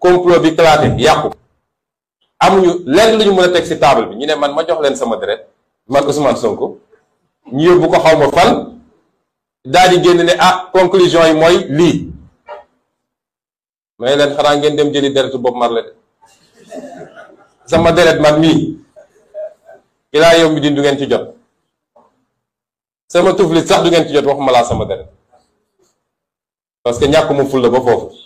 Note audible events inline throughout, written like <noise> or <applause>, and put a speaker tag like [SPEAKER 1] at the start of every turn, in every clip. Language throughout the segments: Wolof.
[SPEAKER 1] complot bi claté bi am ñu lenn lu ñu mën a teg si table bi ñu ne man ma jox leen sama deret man Ousmane Sonko ñu yóbbu ko xaw ma fan daal di génn ne ah conclusion yi mooy lii may leen xanaa ngeen dem jëli deretu Bob Marley de sama deret man mii ilaa yow mi di du ngeen ci jot sama tuflit sax du ngeen ci jot waxuma laa sama deret parce que ñàkkuma ful la ba foofu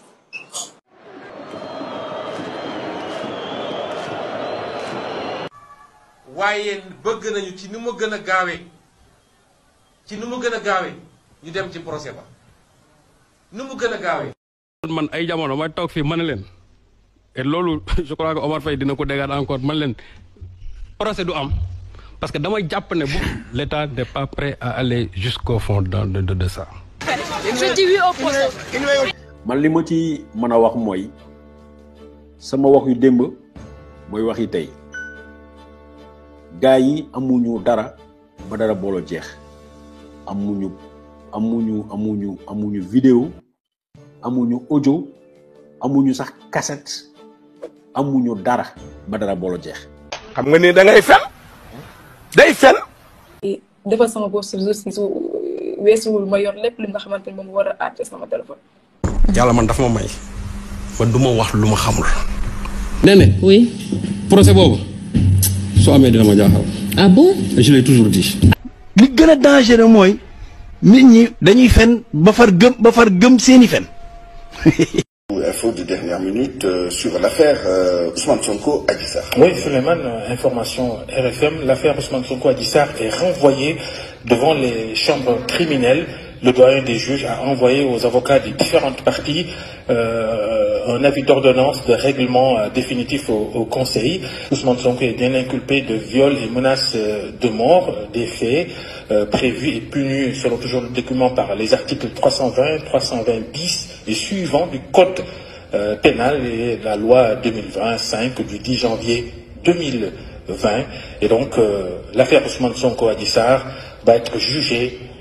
[SPEAKER 1] waaye bëgg nañu ci ni mu gën a gaawee ci ni mu gën a gaawee ñu dem ci procès ba
[SPEAKER 2] ni mu gën a gaawee. man ay jamono may toog fii man ne leen loolu <laughs> je crois que Omar Faye dina ko déggaat encore man leen procès du am parce que dama jàpp ne bu <laughs> l'État n'est pas près à aller jusqu'au fond de de man li ma ci mën a wax mooy sama wax yu démb mooy wax yi tey. gaa yi amuñu dara ba dara booloo jeex amuñu amuñu amuñu amuñu vidéo amuñu audio amuñu sax cassette amuñu dara ba dara booloo jeex. xam nga ni da ngay fen
[SPEAKER 3] day fen. defal sama bopp si su weesuwul ma yor lépp li nga xamante ni mu war a àtte sama téléphone.
[SPEAKER 2] yàlla man dafa ma may. man du ma wax lu ma xamul. nee na oui boobu. su dina ma ah bon. je l'ai toujours dit. li gën dangereux nit ñi dañuy fen ba far gëm ba far gëm seeni <laughs> Info de dernière
[SPEAKER 4] minute euh, sur euh, euh, l'affaire Ousmane Sonko Adissar. Oui,
[SPEAKER 2] Suleiman, information RFM, l'affaire Ousmane Sonko Adissar est renvoyée devant les chambres criminelles le doyen des juges a envoyé aux avocats des différentes parties euh, un avis d'ordonnance de règlement euh, définitif au, Conseil. Ousmane Sonko est bien inculpé de viol et menaces euh, de mort, des faits prévus et punis selon toujours le document par les articles 320, 320 bis et suivants du Code pénal et la loi 2025 du 10 janvier 2020. Et donc, l'affaire Ousmane Sonko-Adissar va être jugée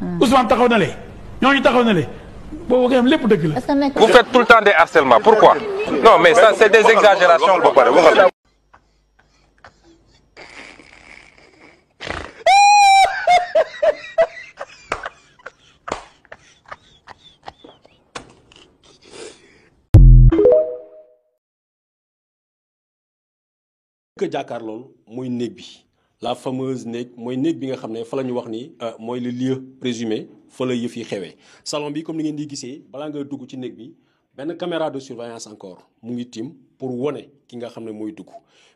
[SPEAKER 5] Hmm. Ousmane taxaw na le ñooñu taxaw le
[SPEAKER 2] boobu nga xam lépp dëgg
[SPEAKER 3] la. vous faites tout le temps des harcèlements pourquoi. non mais ça c'est des exagérations ba pare
[SPEAKER 2] que jàkkaar loolu mooy néeg bi la fameuse nek moy nek bi nga xamné fa lañu wax ni euh, moy le lieu présumé fa la yëf yi xewé salon bi comme ni ngeen di gisee bala nga dugg ci nek bi ben caméra de surveillance encore mu ngi pour woné ki nga xamné moy dugg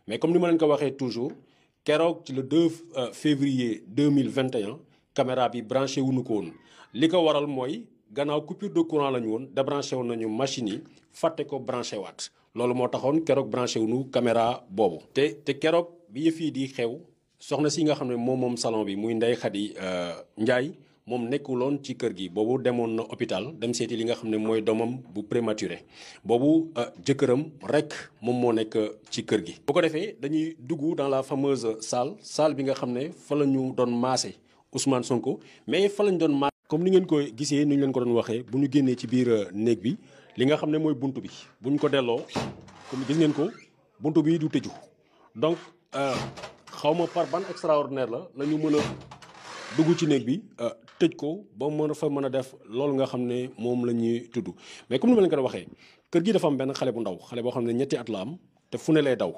[SPEAKER 2] mais comme ni ma leen ko waxé toujours kérok ci le 2 euh, février 2021 caméra bi branché wuñu ko woon li waral moy gannaaw coupure de courant lañu won woon branché woon nañu machine yi faté ko branché wat lolu mo taxone kérok branché wuñu caméra bobu te te kérok bi yëf yi di xew soxna si nga xam ne moom moom salon bi muy Ndeye Khady euh, Ndiaye moom nekkuloon ci kër gi boobu demoon na hôpital dem seeti li nga xam ne mooy doomam bu prématuré boobu euh, jëkkëram rek moom moo nekk ci kër gi. bu ko defee dañuy dugg dans la fameuse salle salle bi nga xam ne fa la ñu doon maase Ousmane Sonko mais fa la ñu doon maase. comme ni ngeen ko gisee ni ñu leen ko doon waxee bu ñu génnee ci biir euh, néeg bi li nga xam ne mooy bunt bi bu ñu ko delloo comme gis ngeen ko bunt bi du tëju xaw ma par ban extraordinaire la la ñu mën a dugg ci néeg bi euh, tëj ko ba mën fa mën a def loolu nga xam ne moom la ñuy tudd mais comme ni ma leen ko waxee kër gi dafa am benn xale bu ndaw xale boo xam ne ñetti at am te fu ne lay daw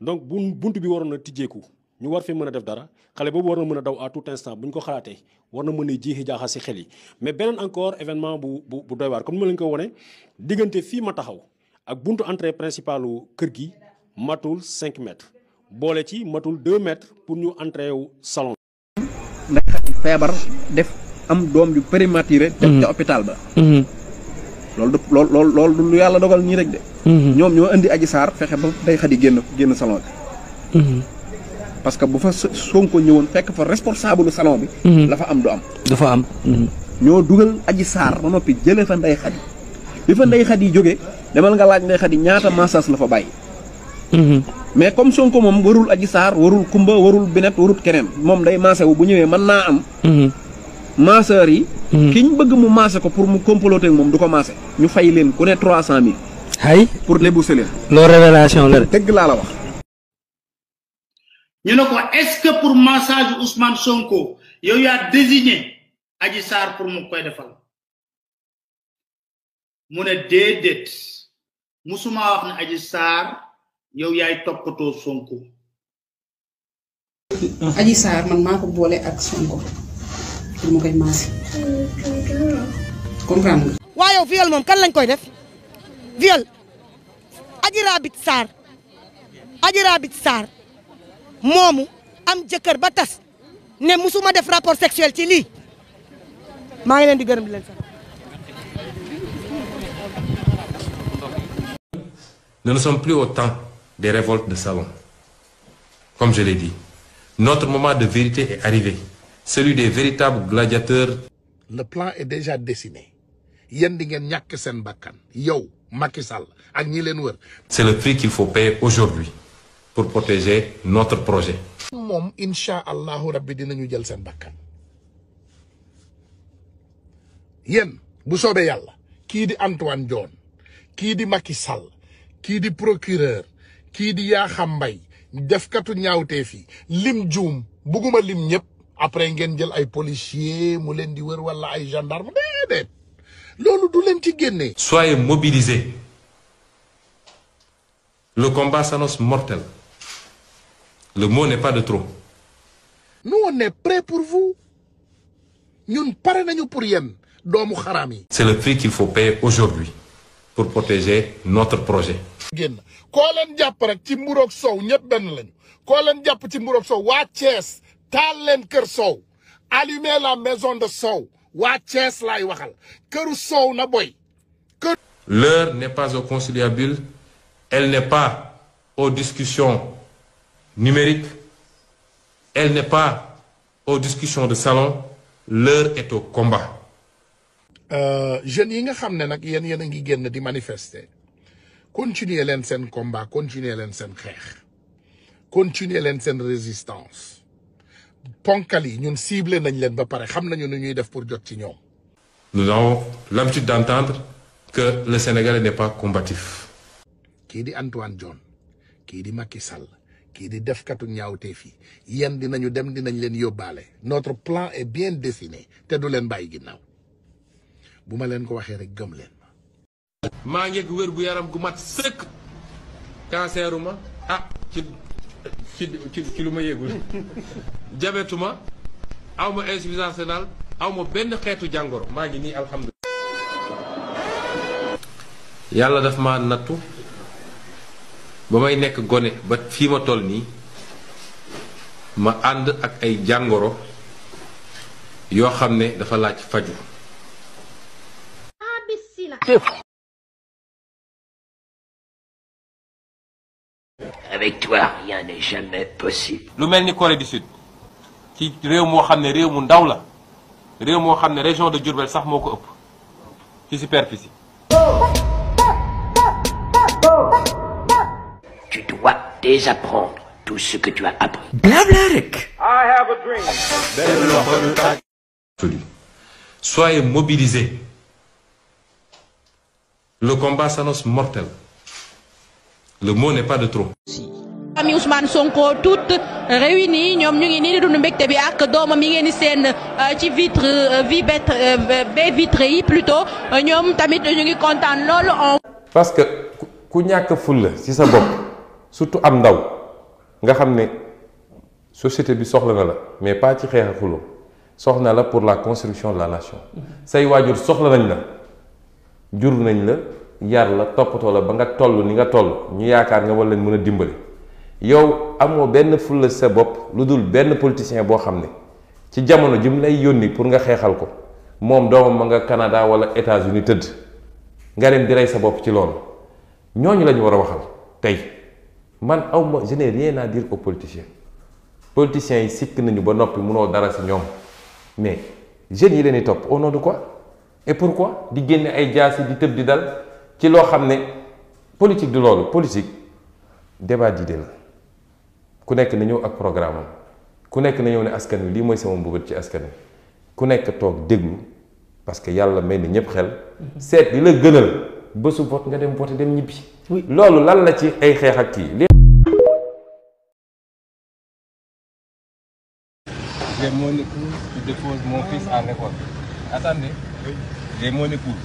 [SPEAKER 2] donc bu bunt bi waroon a tijjeeku ñu war fi mën a def dara xale boobu war na mën a daw à tout instant bu ñu ko xalaatee war na mën a jiixi jaaxa si xel yi mais beneen encore événement bu bu bu doy waar comme ni ma leen ko wone diggante fii ma taxaw ak buntu entrée principalu kër gi matul 5 mètres. bolé ci matul 2 mètres pour ñu entrer au salon ndax fièvre def am dom ju prématuré dem mhm. ci hôpital ba mhm. loolu du loolu loolu lu yalla dogal ni rek de mhm. ñom ñoo andi aji sar fexé ba day xadi génn génn salon bi parce que bu fa sonko ñewon fekk fa responsable salon bi la fa am du am fa am ñoo duggal aji sar ba nopi jëlé fa nday xadi bi fa nday xadi joggé demal nga laaj nday xadi ñaata massage la fa bayyi mais comme Sonko moom warul Adji Sarr warul Kumba warul Binet warul keneen moom day maase wu bu ñëwee man naa am. Mhm. maaseur yi. Mhm. ki bëgg mu maase ko pour mu comploter moom du ko maase. ñu fay leen ku ne trois cent pour débourser leen. loolu la dëgg laa ne ko est-ce que pour massage Ousmane Sonko yow yaa désigné Adji Sarr pour mu koy defal mu ne déedéet musuma wax ne Adji Sarr. yow yaay toppatoo sonko aji sar man mako bolé ak sonko pour mo koy maasi comprendre nga
[SPEAKER 4] waa yow viol mom kan lañ koy def viol aji rabit sar aji rabit sar momu am jëkër ba tass né musuma def rapport sexuel ci li ma ngi leen di gërëm di
[SPEAKER 5] leen sax
[SPEAKER 1] Nous ne sommes plus au temps des révoltes de salon. Comme je l'ai dit, notre moment de vérité est arrivé, celui des véritables gladiateurs.
[SPEAKER 6] Le plan est déjà dessiné. C'est
[SPEAKER 1] le prix qu'il faut payer aujourd'hui pour protéger notre projet.
[SPEAKER 6] Yen, bu soobee yàlla kii di Antoine John, qui di Macky Sall kii di procureur ki di ya xam def defkatu ñaawteef fi lim juum bugguma lim ñep après ngeen jël ay policier mu len di wër wala ay gendarme dedet du len ci soyez mobilisés
[SPEAKER 1] le combat s'annonce mortel le mot n'est pas de trop.
[SPEAKER 6] nous on est prêts pour vous ñun paré nañu pour yéen doomu kharam yi.
[SPEAKER 1] c'est le prix qu'il faut payer aujourd'hui pour protéger notre projet
[SPEAKER 6] génn ko leen japp rek ci mburoog sow ñepp ben lañu ko leen japp ci mburoog sow wa Thiès tal leen kër sow allumer la maison de sow wa Thiès lay waxal këru sow na boy kër
[SPEAKER 1] l'heure n'est pas au conciliabule elle n'est pas aux discussions numériques elle n'est pas aux discussions de salon l'heure est au combat
[SPEAKER 6] euh jeune yi nga xam nak nag yéen yéen ngi génn di manifester continuer leen seen combat continuer leen seen xeex continuer leen seen résistance Ponkali, nous ñun ciblé nañ leen ba pare xam nañu ñuy def pour jot ci
[SPEAKER 1] nous avons l'habitude d'entendre que le Sénégalais n'est pas combatif.
[SPEAKER 6] Qui di Antoine John qui di Macky Sall kii di defkatu ñaawteef yi yéen dinañu dem dinañ leen yóbbaale notre plan est bien dessiné te du leen bàyyi ginnaaw bu ma leen ko je rek le dis.
[SPEAKER 1] maa ngeeg wér gu yaram gu mat sëkk kanseeruma ah ci ci ci lu ma yëgul jabetuma aw ma insuffisance rénale aw ma benn xeetu jàngoro maa ngi nii alhamdulilah yàlla daf ma nattu ba may nekk gone ba fii ma toll nii ma ànd ak ay jàngoro yoo xam ne dafa laaj faju
[SPEAKER 3] avec toi rien n'est jamais possible. Nous mel ni Corée du Sud
[SPEAKER 1] Qui est le xam de mu la région de Durbel sax
[SPEAKER 2] Qui superficie. tu dois désapprendre tout ce que tu as appris.
[SPEAKER 3] blabla I have
[SPEAKER 1] a dream. soyez mobilisés. le combat s'annonce mortel le mot n'est pas de trop.
[SPEAKER 3] Ami Ousmane Sonko toutes réunies ñoom ñu ngi nii di dund mbégte bi ak doomam yi ngeen di seen euh, ci vitre euh, vi bet euh, baie vitrée plutôt ñoom tamit ñu ngi kontaan loolu
[SPEAKER 1] parce que ku ñàkk fulla ci sa bopp surtout am ndaw nga xam ne société bi soxla na la mais pas ci xeex xuloo soxna la pour la construction de la nation say waajur soxla nañ la jur nañ la. yar la toppatoo la ba nga toll ni nga toll ñu yaakaar nga war leen mën a dimbali yow amoo benn fulla sa bopp lu dul benn politicien boo xam ne ci jamono ji mu lay yónni pour nga xeexal ko moom doomam ma nga Canada wala États-Unis tëdd nga dem di rey sa bopp ci loolu ñooñu lañu war a waxal tey man aw ma je n'ai rien à dire aux politiciens politiciens yi sikk nañu ba noppi munoo dara si ñoom mais jeunes yi leen di topp au nom de quoi et di génne ay jaas di tëb di dal. ci loo xam ne politique du loolu politique débat d'idée la ku nekk na ñëw ak programme am ku nekk na ñëw ne askan wi lii mooy sama mbëbët ci askan wi ku nekk toog déglu parce que yàlla may na ñëpp xel seet di la gënal bësu vote nga dem vote dem ñibbi loolu lan la ci ay xeex ak kii j'ai mon épouse qui dépose mon fils à l'école attendez j'ai mon épouse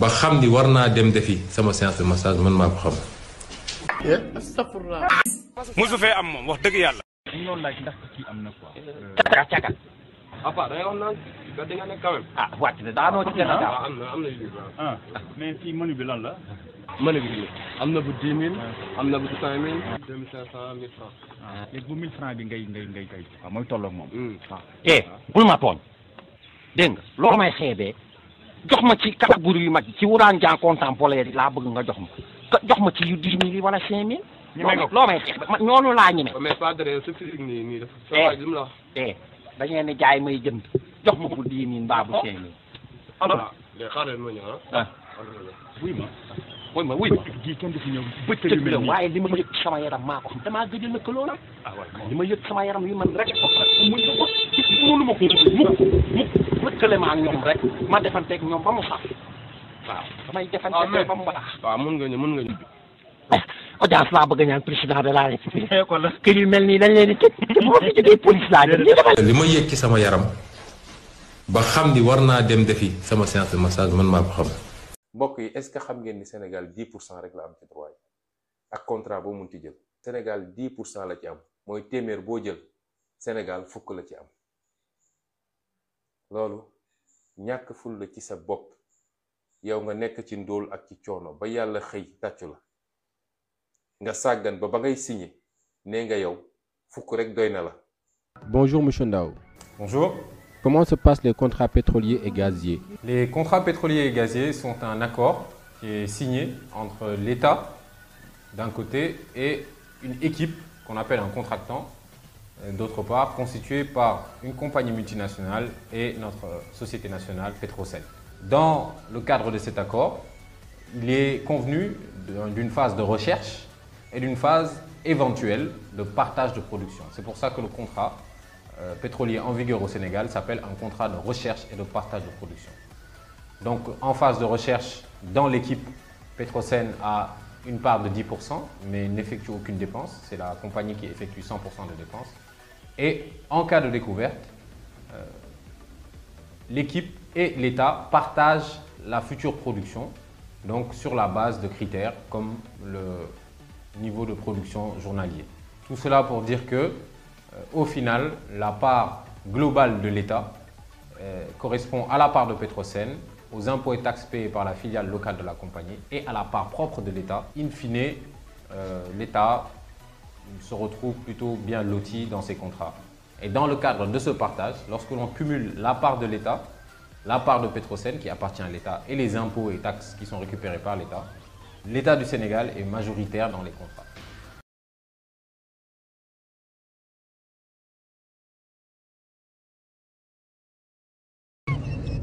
[SPEAKER 1] با ورنا ديم دفي سما سياسة مساج من ما با خام
[SPEAKER 2] يا استغفر الله موسو في ام واخ دغ يالا نيو لاج داك كي امنا كوا كاتشاكا ابا داي وخ نان غاد نغا نك كامل اه وات دا نو تي نتا ام ام لي ليبر
[SPEAKER 5] اه مي في موني بي لان لا موني بي امنا بو 2000 امنا بو 2000
[SPEAKER 2] 2500 1000 فرانك
[SPEAKER 5] لي بو 1000 فرانك بي غاي غاي غاي غاي
[SPEAKER 2] موي تولوك موم اه ايه بول ما بون دينغ لو ماي خيبه jox ma ci catégorie yu mag ci wuraan jàng contemporain yi laa bëgg nga jox ma jox ma ci yu dix mille yi wala cinq mille. loo may xeex laa ñeme.
[SPEAKER 5] mais Padre sa physique nii nii dafa. Eh,
[SPEAKER 2] eh, da ngeen jaay may jënd jox ma ko di mi mbaa bu oh. cinq mille. Ah. alors
[SPEAKER 5] léegi xaaral mooy ma fi
[SPEAKER 2] waaye li ma yëg sama yaram maa ko xam damaa gëj a lëkkaloo li ma yëg sama yaram yi ma ko mukk ma ak ñoom rek ma defanteeg ñoom ba waaw damay nga ñu mun nga ñu eh, bëgg ñaan président de la république <laughs> kër yu mel nii dañ leen di tëj <laughs>
[SPEAKER 1] li ma yëg ci sama yaram ba xam ni war naa dem defi sama séance de massage man maa ko xam mbokk yi est-ce que xam ngeen ni Sénégal 10 pour cent rek la am ci droit ak contrat boo munti jël Sénégal di pour cent la ci am mooy téeméer boo jël Sénégal fukk la ci am loolu ñàkk ful la ci sa bopp yow nga nekk ci ndóol ak ci coono ba yàlla xëy tàccu la nga sàggan ba ba ngay signé nee nga yow fukk rek doy na la. Bonjour monsieur Ndao. Bonjour. Comment se passent les contrats pétroliers et gaziers Les contrats pétroliers et gaziers sont un accord qui est signé entre l'État d'un côté et une équipe qu'on appelle un contractant euh, d'autre part constituée par une compagnie multinationale et notre société nationale Petrocel. Dans le cadre de cet accord, il est convenu d'une phase de recherche et d'une phase éventuelle de partage de production. C'est pour ça que le contrat euh, pétrolier en vigueur au Sénégal s'appelle un contrat de recherche et de partage de production. Donc en phase de recherche, dans l'équipe, Petrosen a une part de 10%, mais n'effectue aucune dépense. C'est la compagnie qui effectue 100% de dépenses. Et en cas de découverte, euh, l'équipe et l'État partagent la future production, donc sur la base de critères comme le niveau de production journalier. Tout cela pour dire que euh, au final, la part globale de l'État euh, correspond à la part de Petrosen, aux impôts et taxes payés par la filiale locale de la compagnie et à la part propre de l'État. In fine, euh, l'État se retrouve plutôt bien loti dans ses contrats. Et dans le cadre de ce partage, lorsque l'on cumule la part de l'État, la part de Petrosen qui appartient à l'État et les impôts et taxes qui sont récupérés par l'État, l'État du Sénégal est majoritaire dans les contrats.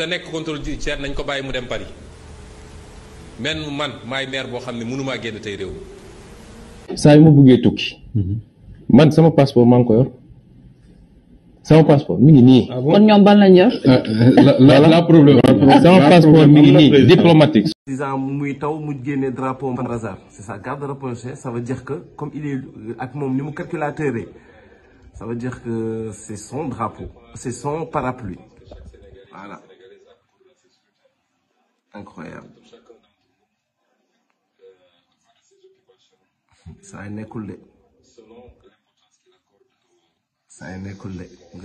[SPEAKER 1] te nekk contrôle judiciaire nañ ko bàyyi mu dem Paris men man may maire bo xamni ne mënumaa génn tey réew
[SPEAKER 2] mi saa yu ma bëggee
[SPEAKER 1] tukki man sama passeport man ko yor sama passeport mi ngi ni
[SPEAKER 5] ah kon ñom ban lañ yor. Euh,
[SPEAKER 1] euh, la la problème sama passeport mi ngi ni diplomatique.
[SPEAKER 2] disant muy taw mu génne drapeau par hasard c'est ça garde rapproché ça veut dire que comme il est euh, ak mom ni mu calculateur ça veut dire que c'est son drapeau c'est son parapluie
[SPEAKER 3] voilà
[SPEAKER 1] incroyable euh,
[SPEAKER 3] Ça a été Ça a été je suis je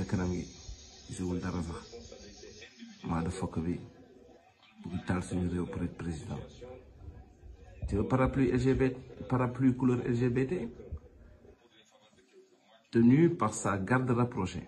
[SPEAKER 3] Je vous
[SPEAKER 2] tu veux parapluie LGBT parapluie couleur LGBT tenu par sa garde rapprochée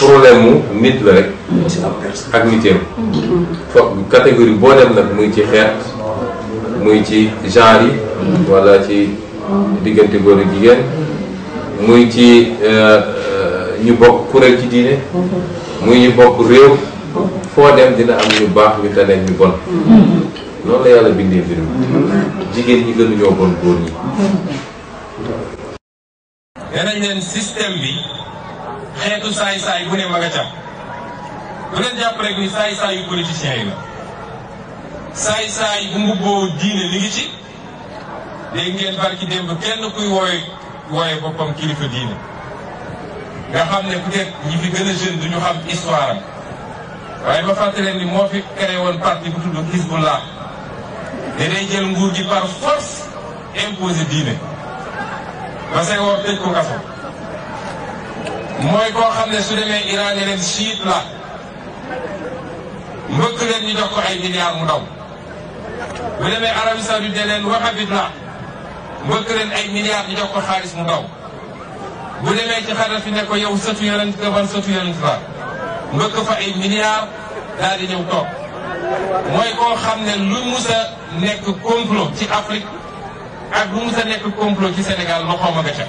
[SPEAKER 1] problème mu nit la rek. ak niteem. Mm-hmm. fo catégorie boo dem nag muy ci xeet muy ci genre yi. wala ci diggante góor ak jigéen. muy ci euh, ñu bokk kuréel ci diine. Mm-hmm. muy ñu bokk réew. Mm-hmm. foo dem dina am ñu baax ñu tane ñu bon. loolu la yàlla bindee mbir jigéen ñi gënuñoo bon góor ñi. xeetu saay-saay bu ne ma nga ca bu leen jàpp rek ni saay-saay yu yi la saay-saay bu mbubboo diine li ngi ci dégg ngeen barki démb kenn kuy wooye wooye boppam kilifa diine nga xam ne peut-être ñi fi gën a duñu xam histoire waaye ma fàttali leen ni moo fi créé woon parti bu tudd Hizbullah te day jël nguur gi par force imposé diine ba say woor tëj ko kaso mooy koo xam ne su demee Iran ne leen siit la mbëkk leen ñu jox ko ay milliards mu daw bu demee Arabie Saoudite ne leen wahhabite la mbëkk leen ay milliards ñu jox ko xaalis mu daw bu demee ci Kadhafi ne ko yow sëtu yonent nga ban sëtu yonent la mbëkk fa ay milliards daal di ñëw toog mooy koo xam ne lu musa nekk complot ci Afrique ak lu musa nekk complot ci Sénégal loxoom a nga ca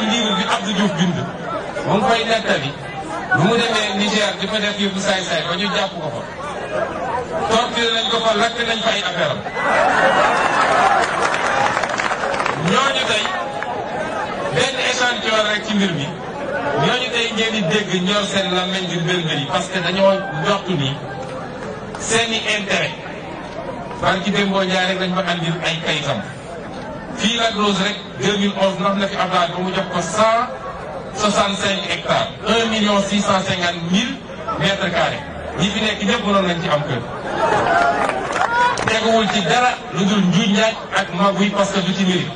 [SPEAKER 1] ci livre bi Abdou Diouf bind. mu ngi koy nettali bu mu demee Niger di fa def yëfu saay-saay ba ñu jàpp ko fa. torture nañ ko fa lakk nañ fa ay affaire am. tey benn échantillon rek ci mbir mi ñooñu tey ngeen dégg ñor seen làmmiñ di mbir yi parce que dañoo jortu ni seeni intérêt. barki démboo Ndiaye rek lañ fa andil ay kayitam. fii Lac Rose rek 2011 nax na fi Ablaye ba mu jox ko 165 million 650 mille mètres fi nekk ñëpp mënoon nañ ci am kër. teguwul ci dara lu dul njuuj njaaj ak mag yi parce que du ci mérite.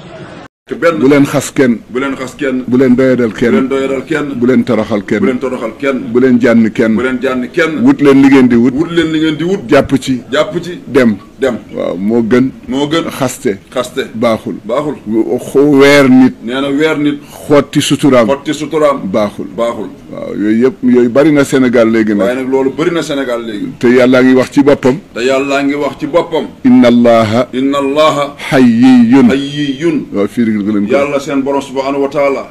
[SPEAKER 4] te benn bu leen xas kenn. bu leen xas kenn. bu leen doyadal kenn. bu leen kenn. bu leen toroxal kenn. bu leen kenn. bu leen jànn kenn. bu leen jànn kenn. wut leen li ngeen di wut. wut leen li ngeen di wut. jàpp ci. jàpp ci dem. dem waaw moo gën moo gën xaste xaste baaxul baaxul weer nit nee na weer nit xotti suturaam xotti suturaam baaxul baaxul waaw yooyu yëpp yooyu bari na Sénégal léegi nag waaye nag loolu bari na Sénégal léegi te yàllaa ngi wax ci boppam te yàllaa ngi wax ci boppam inna allaha inna allaha hayyiyun hayyiyun waaw fii rek leen yàlla seen borom subhanahu wa taala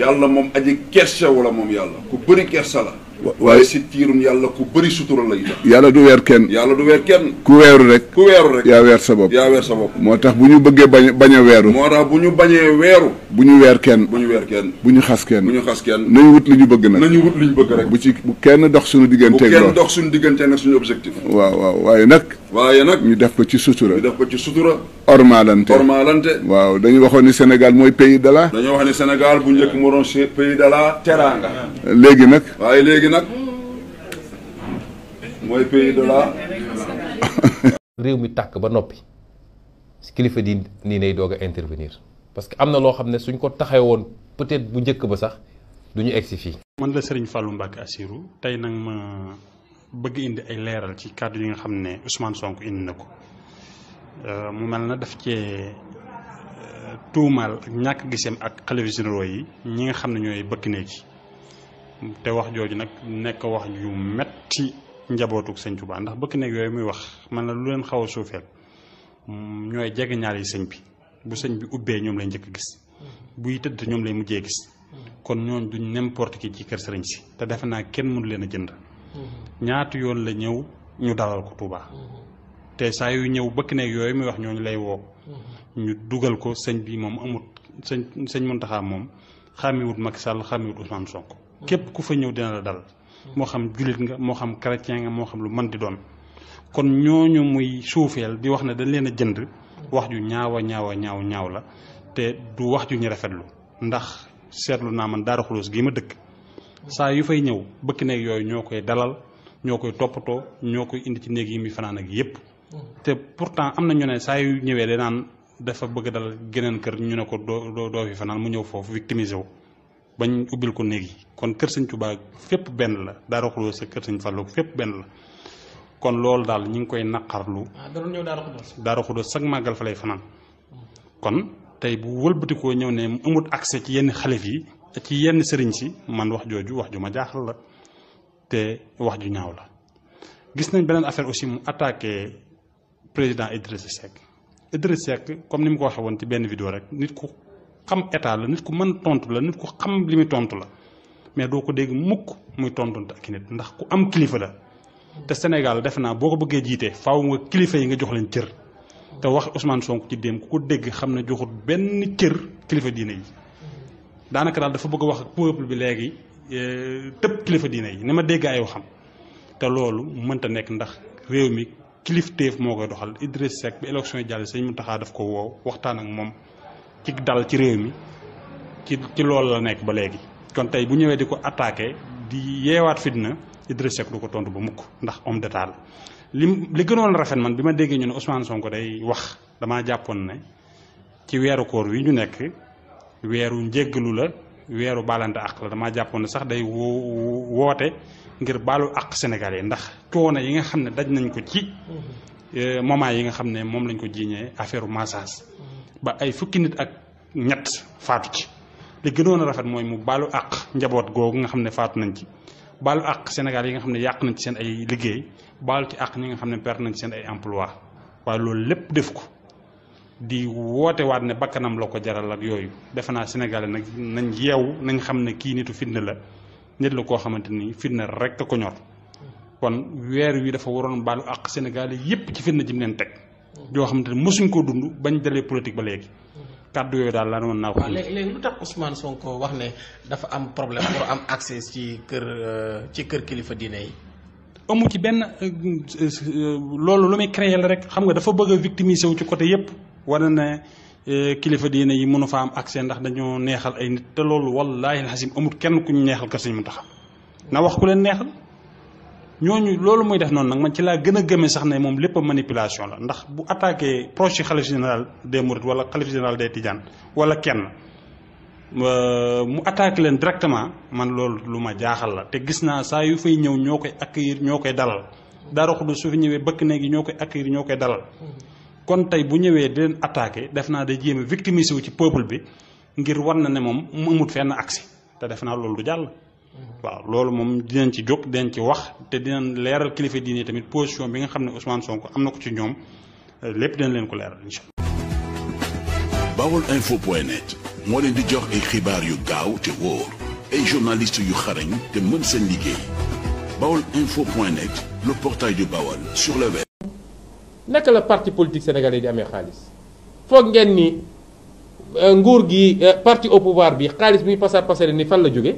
[SPEAKER 4] yàlla moom aji kersa wala moom yàlla ku bëri kersa la waaye si tiirum yàlla ku bëri sutura lay tax yàlla du weer kenn yàlla du weer kenn ku weeru rek ku weeru rek yaa weer sa bopp yaa sa bopp moo tax bu ñu bëggee bañ baña weeru moo tax bu ñu bañee weeru bu ñu weer kenn bu ñu kenn bu ñu xas kenn bu ñu xas kenn nañu wut li ñu bëgg nag nañu wut li ñu bëgg rek bu ci bu kenn dox suñu digganteeg bu kenn dox suñu digganteeg nag suñu objectif waaw waaw waaye nag waaye nag ñu def ko ci sutura ñu def ko ci sutura ormalante ormalante waaw dañu waxoon ni sénégal mooy pays de la dañoo wax ni sénégal bu njëkk mu doon pays de la teranga léegi nag waaye léegi nag mooy pays de la <laughs>
[SPEAKER 1] réew mi tàkk ba noppi si kilifa di nii nay doog a intervenir parce que am na loo xam ne suñ ko taxee woon peut-être bu njëkk ba sax egsi fii
[SPEAKER 5] man la sëriñ asiru tey nag ma bëgg indi ay leeral ci kàddu yi nga xam ne Ousmane sonk indi na ko euh, mu mel na def cee euh, tuumaal ak ñàkk giseem ak xalifa yi ñi nga xam ne ñooy bëkk néeg yi te wax jooju nag nekk wax yu metti njabootuk sëñ Tuubaa ndax bëkk néeg yooyu muy wax man na lu leen xaw a suufeel ñooy jege ñaar sëñ bi bu sëñ bi ubbee ñoom lay njëkk gis buy tëdd ñoom lay mujjee gis mm. kon ñooñ duñ n'importe qui ci kër sëriñ si te defe naa kenn mënu leen a jënd ñaati yoon la ñëw ñu dalal ko Touba. te saa yu ñëw bëkk neeg yooyu muy wax ñooñu lay woo. ñu dugal ko sëñ bi moom amut sëñ sëñ Mountakha moom xàmmiwut Macky Sall xàmmiwut Ousmane Sonko. képp ku fa ñëw dina la dal. moo xam jullit nga moo xam chrétien nga moo xam lu mën di doon. kon ñooñu muy suufeel di wax ne dañ leen a jënd. wax ju ñaawa ñaawa ñaaw ñaaw la te du wax ju ñu rafetlu ndax seetlu naa man Daaru Xuloos gii ma dëkk. saa yu fay ñëw bëkk néeg yooyu ñoo koy dalal ñoo koy toppatoo ñoo koy indi ci néeg yi muy fanaan ak yépp te pourtant am na ñu ne saa yu ñëwee da naan dafa bëgg dalal geneen kër ñu ne ko doo doo fi fanaan mu ñëw foofu victimisé wu bañ ubbil ko néeg yi kon kër Sëñ Tuubaa fépp benn la Daaru Xudoos sa kër fépp benn kon loolu daal ñu ngi koy naqarlu ah, Daaru Xudoos sag màggal fa lay fanaan kon tey bu wëlbatikoo ñëw ne amut accès ci yenn xalif yi ci yenn sëriñ ci man wax joju wax ju ma jaaxal la te wax ju ñaaw la gis nañ benen affaire aussi mu attaquer président Idriss Seck Idriss Seck comme nim ko waxee woon ci benn vidéo rek nit ku xam état la nit ku man tontu la nit ku xam limi tontu la mais do ko dégg mukk muy tontonte ak nit ndax ku am kilifa la te Sénégal def na boko ko jité faaw nga kilifa yi nga jox leen cër te wax Ousmane Sonko ci dem ku ko dégg xam na joxut benn cër kilifa diiné yi daanaka daal dafa bëgg a wax ak peuple bi léegi euh, tëpp kilifa diina yi ni ma dégg ay waxam te loolu mënta nekk ndax réew mi kilifteef moo koy doxal Idriss Seck bi élection yi jàll sëñ Mountakha daf ko woo waxtaan ak moom ci dal ci réew mi ci ci lool la nekk ba léegi. kon tey bu ñëwee di ko attaqué di yeewaat fitna Idriss Seck du ko tontu ba mukk ndax om d'état la li li gënoon rafet man bi ma déggee ñu ne Ousmane Sonko day wax damaa jàppoon na ci weeru koor wi ñu nekk. weeru njéggalu la weeru baalante àq la damaa jàppoon ne sax day woo woote ngir baalu àq Sénégal yi ndax coono yi nga xam ne daj nañ ko ci euh, moment yi nga xam ne moom lañ ko jiiñee affaire massage ba ay fukki nit ak ñett faatu ci li gënoon a rafet mooy mu baalu àq njaboot googu nga xam ne faatu nañ ci baalu àq Sénégal yi nga xam ne yàq nañ ci seen ay liggéey baalu ci àq ñi nga xam ne perte nañ ci seen ay emploi waaye loolu lépp def ko di woote waat ne bakkanam la ko jaral ak yooyu defe naa Sénégalais nag nañ yeewu nañ xam ne kii nitu fitna la nit la koo xamante ni fitna rek a ñor kon weer wi dafa waroon baalu ak Sénégalais yépp ci fitna ji mu teg. yoo xamante ne mosuñ koo dund bañ dalee politique ba léegi. kàddu yooyu daal laa doon naa ko. waaw léegi
[SPEAKER 2] léegi lu tax Ousmane Sonko wax ne dafa am problème am accès ci kër euh, ci
[SPEAKER 5] kër kilifa diine yi. amu ci benn euh, euh, loolu lu muy créer la rek xam nga dafa bëgg a victimiser wu ci côté yépp wane ne eh, kilifa diine yi mënu fa am accès ndax dañoo neexal ay nit te loolu wallaahi alxasim amul kenn ku ñu neexal kër mu tax na wax ku leen neexal ñooñu loolu muy def noonu nag man ci laa gën a gëmee sax ne moom lépp manipulation la ndax bu attaqué proche xalif général des Mourides wala xalif général des Tidiane wala kenn euh, mu attaqué leen directement man loolu lu ma jaaxal la te gis naa saa yu fay ñëw ñoo koy accueillir ñoo koy dalal Daaru su ñëwee bëkk néeg ñoo koy accueillir ñoo koy dalal kon tay bu ñëwé di leen attaqué def naa day jéem a wu ci peuple bi ngir war na mom mu amut fenn accès té def naa loolu du jall mm-hmm. waaw loolu di dinañ ci jox den ci wax té di dinañ léral kilifa diiné tamit position bi nga xamné Ousmane Sonko amna ko ci ñom lépp dinañ leen ko léral inshallah
[SPEAKER 4] allah. bawol info point net di jox ay xibaar yu gaaw té woor ay journaliste yu xarañ té mën seen liggéey bawol info le portail du Bawol sur le web.
[SPEAKER 1] naka la parti politique sénégalais di amee xaalis foog ngeen ni euh, nguur gi euh, parti au pouvoir bi xaalis bi ñu pasar pasare ni fan la jóge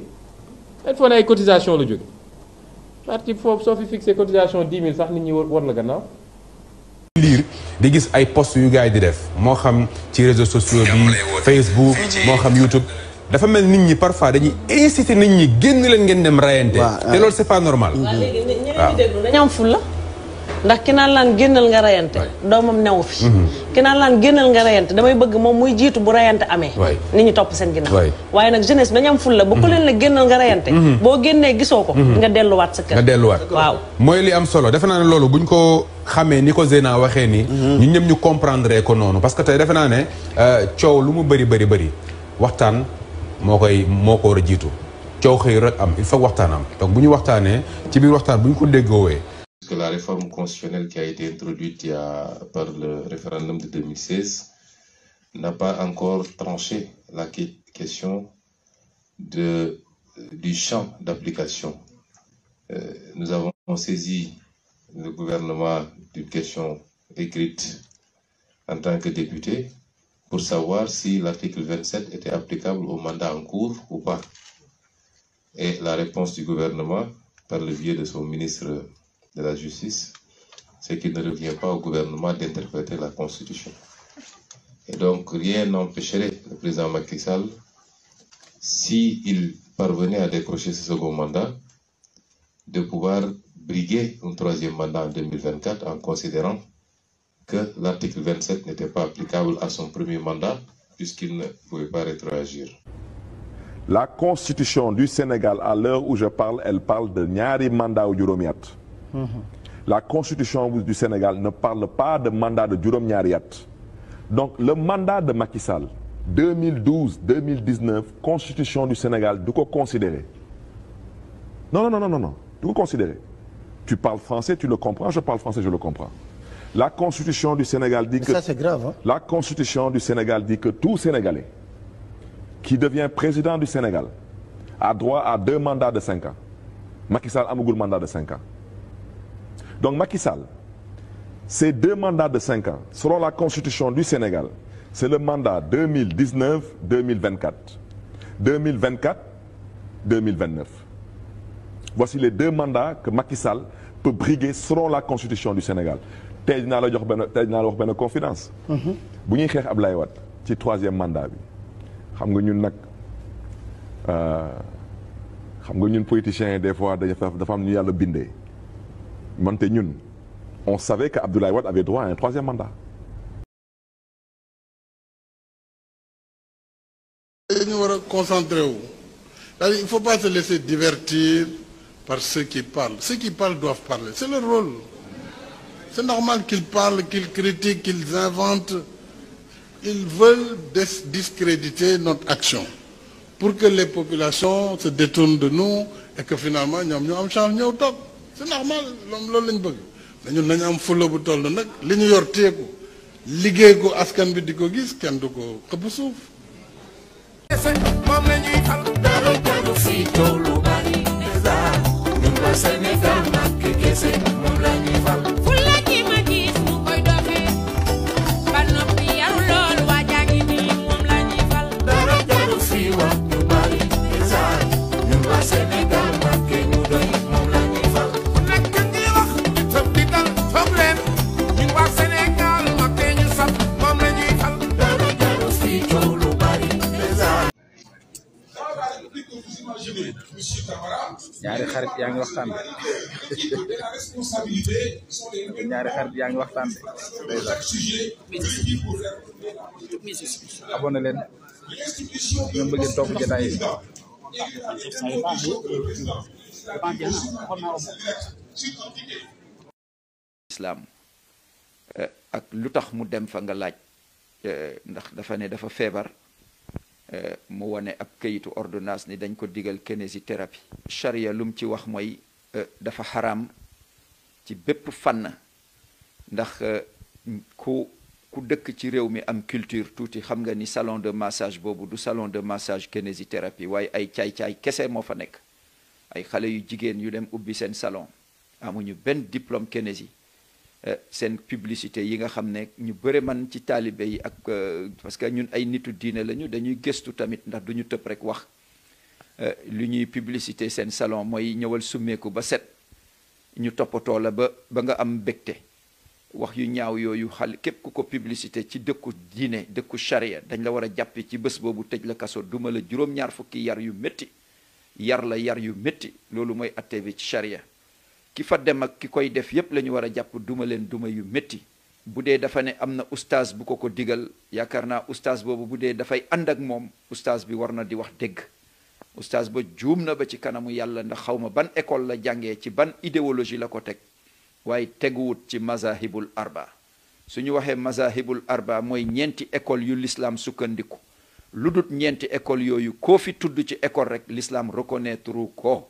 [SPEAKER 1] il faut ne ay cotisation la jóge parti foofu soo fi fixé cotisation 10 000 sax nit ñi war la gannaaw liir di gis ay post yu gars yi di def moo xam ci réseau sociaux bi Facebook moo xam
[SPEAKER 2] YouTube dafa mel nit ñi parfois dañuy inciter nit ñi génn leen ngeen dem rayante te loolu c'est pas normal waaw
[SPEAKER 7] dañu am ful ndax ki naan laan génnal nga reyante doomam newu fi mhm. ki naan laan génnal nga reyante damay bëgg moom muy jiitu bu reyante amee nit ñi topp seen ginnaaw waaye nag jeunesse dañu am fulla bu ko mhm. leen la génnal nga reyante mhm. boo génnee gisoo ko nga delluwaat
[SPEAKER 4] sa kër nga delluwaat
[SPEAKER 2] waaw mooy li am solo defe naa ne loolu ñu ko xamee ni ko Zeyna waxee ni ñu ñëpp ñu comprendre ko noonu parce que tey defe naa ne euh, coow lu mu bëri bëri bëri waxtaan moo koy moo ko war a jiitu coow xëy rek am il waxtaan am donc bu ñu waxtaanee ci biir waxtaan bu ñu ko déggoowee
[SPEAKER 1] la réforme constitutionnelle qui a été introduite par le référendum de 2016 n'a pas encore tranché la question du champ d'application. Euh, nous avons saisi le gouvernement d'une question écrite en tant que député pour savoir si l'article 27 était applicable au mandat en cours ou pas. Et la réponse du gouvernement, par le biais de son ministre de la justice, c'est qu'il ne revient pas au gouvernement d'interpréter la Constitution. Et donc, rien n'empêcherait le président Macky Sall, s'il parvenait à décrocher ce second mandat, de pouvoir briguer un troisième mandat en 2024 en considérant que l'article 27 n'était pas applicable à son premier mandat puisqu'il ne pouvait pas rétroagir.
[SPEAKER 7] La constitution du Sénégal, à l'heure où je parle, elle parle de Nyari Mandat ou la constitution du Sénégal ne parle pas de mandat de Durom Donc le mandat de Macky Sall 2012 2019 constitution du Sénégal de quoi considérer. Non non non non non, De quoi considérer. Tu parles français, tu le comprends, je parle français, je le comprends. La constitution du Sénégal dit que grave hein. La constitution du Sénégal dit que tout Sénégalais qui devient président du Sénégal a droit à deux mandats de 5 ans. Macky Sall le mandat de 5 ans. Donc Macky Sall, ces deux mandats de 5 ans, selon la constitution du Sénégal, c'est le mandat 2019-2024. 2024-2029. Voici les deux mandats que Macky Sall peut briguer selon la constitution du Sénégal. tey dinaa la jox benn la confiance. confidence. Mm-hmm. bu ñuy Wade ci troisième mandat bi xam nga ñun nag euh, xam nga ñun politiciens des fois dafa am ñu bindé on savait qu'Abdoulaye avait droit à un troisième mandat. Il
[SPEAKER 6] ne faut pas se laisser divertir par ceux qui parlent ceux qui parlent doivent parler c'est leur rôle c'est normal qu'ils parlent qu'ils critiquent qu'ils inventent ils veulent discréditer notre action pour que les populations se détournent de nous et que finalement nous, avons changé au top. c'est normal loolu loolu lañ bëgg dañu nañu am fulla bu toll nag li ñu yor téeku liggéey ko askan bi di ko gis kenn du ko xëpp suuf moom lañuy fal dara jaru fi toolu bari Sénégal mag kese
[SPEAKER 5] ñaari yaa ngi waxtaan de leen ñoom bëgg topp
[SPEAKER 3] islam eh, ak lu tax mu dem fa nga laaj eh, ndax dafa ne dafa feebar eh, mu wone ab kayitu ordonnance ni dañ ko digal kinésithérapie charia lum ci wax mooy dafa xaraam ci bépp fan na ndax euh, ku ku dëkk ci réew mi am culture tuuti xam nga ni salon de massage boobu du salon de massage kinésithérapie waaye ay caay-caay kese moo fa nekk ay xale yu jigéen yu dem ubbi seen salon amuñu benn diplôme kinési euh, seen publicité yi nga xam ne ñu bëri man ci taalibe yi ak euh, parce que ñun ay nitu diine lañu dañuy gëstu tamit ndax du ñu tëb rek wax lu ñuy publicité seen salon mooy ñëwal summeeku ba set ñu toppatoo la ba ba nga am mbégte wax yu ñaaw yooyu xal képp ku ko publicité ci dëkku diine dëkku charia dañ la war a jàppe ci bés boobu tëj la kaso duma la juróom-ñaar fukki yar yu métti yar la yar yu métti loolu mooy atte bi ci charia ki fa dem ak ki koy def yépp lañu war a jàpp duma leen duma yu métti bu dee dafa ne am na ustaas bu ko ko digal yaakaar naa ustaas boobu bu dee dafay ànd ak moom ustaas bi war na di wax dëgg oustaz ba juum na ba ci kanamu yàlla ndax xawma ban école la jàngee ci ban idéologie la ko teg waaye teguwut ci mazahibul arba su ñu waxee mazahibul arba mooy ñeenti école yu l'islam sukkandiku lu dut ñeenti école yooyu koo fi tudd ci école rek l'islam reconnaître ko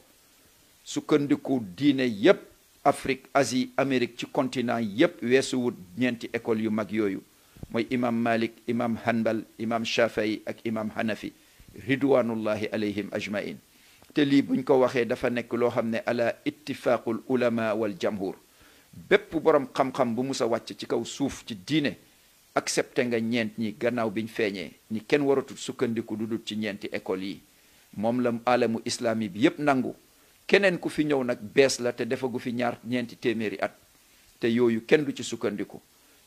[SPEAKER 3] sukkandiku diine yépp Afrique Asie Amérique ci continent yépp weesuwut ñeenti école yu mag yooyu mooy imam Malik imam Hanbal imam Shafii ak imam Hanafi ridwanullahi alayhim ajmain te lii buñ ko waxee dafa nekk loo xam ne ala ittifaqul ulama wal jamhur bépp borom xam-xam bu musa wàcc ci kaw suuf ci diine accepté nga ñeent ñi gannaaw biñ feeñee ni kenn waratul sukkandiku du dul ci ñeenti école yi moom la alamu islami bi yépp nangu keneen ku fi ñëw nag bees la te defagu fi ñaar ñeenti téeméeri at te yooyu kenn du ci sukkandiku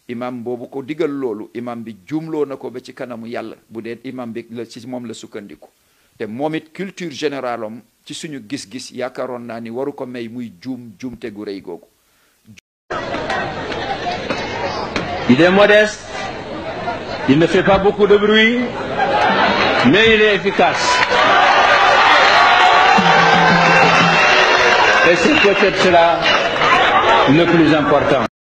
[SPEAKER 3] imam bobu ko digal lolou imam bi jumlo Nako be ci kanamu yalla imam bi la ci mom la sukkandiku te momit culture générale am ci suñu gis-gis yakaron naa waru ko may muy gu Il est modeste, il ne fait pas beaucoup de bruit, mais il est
[SPEAKER 1] efficace. Et c'est peut-être cela
[SPEAKER 3] le plus important.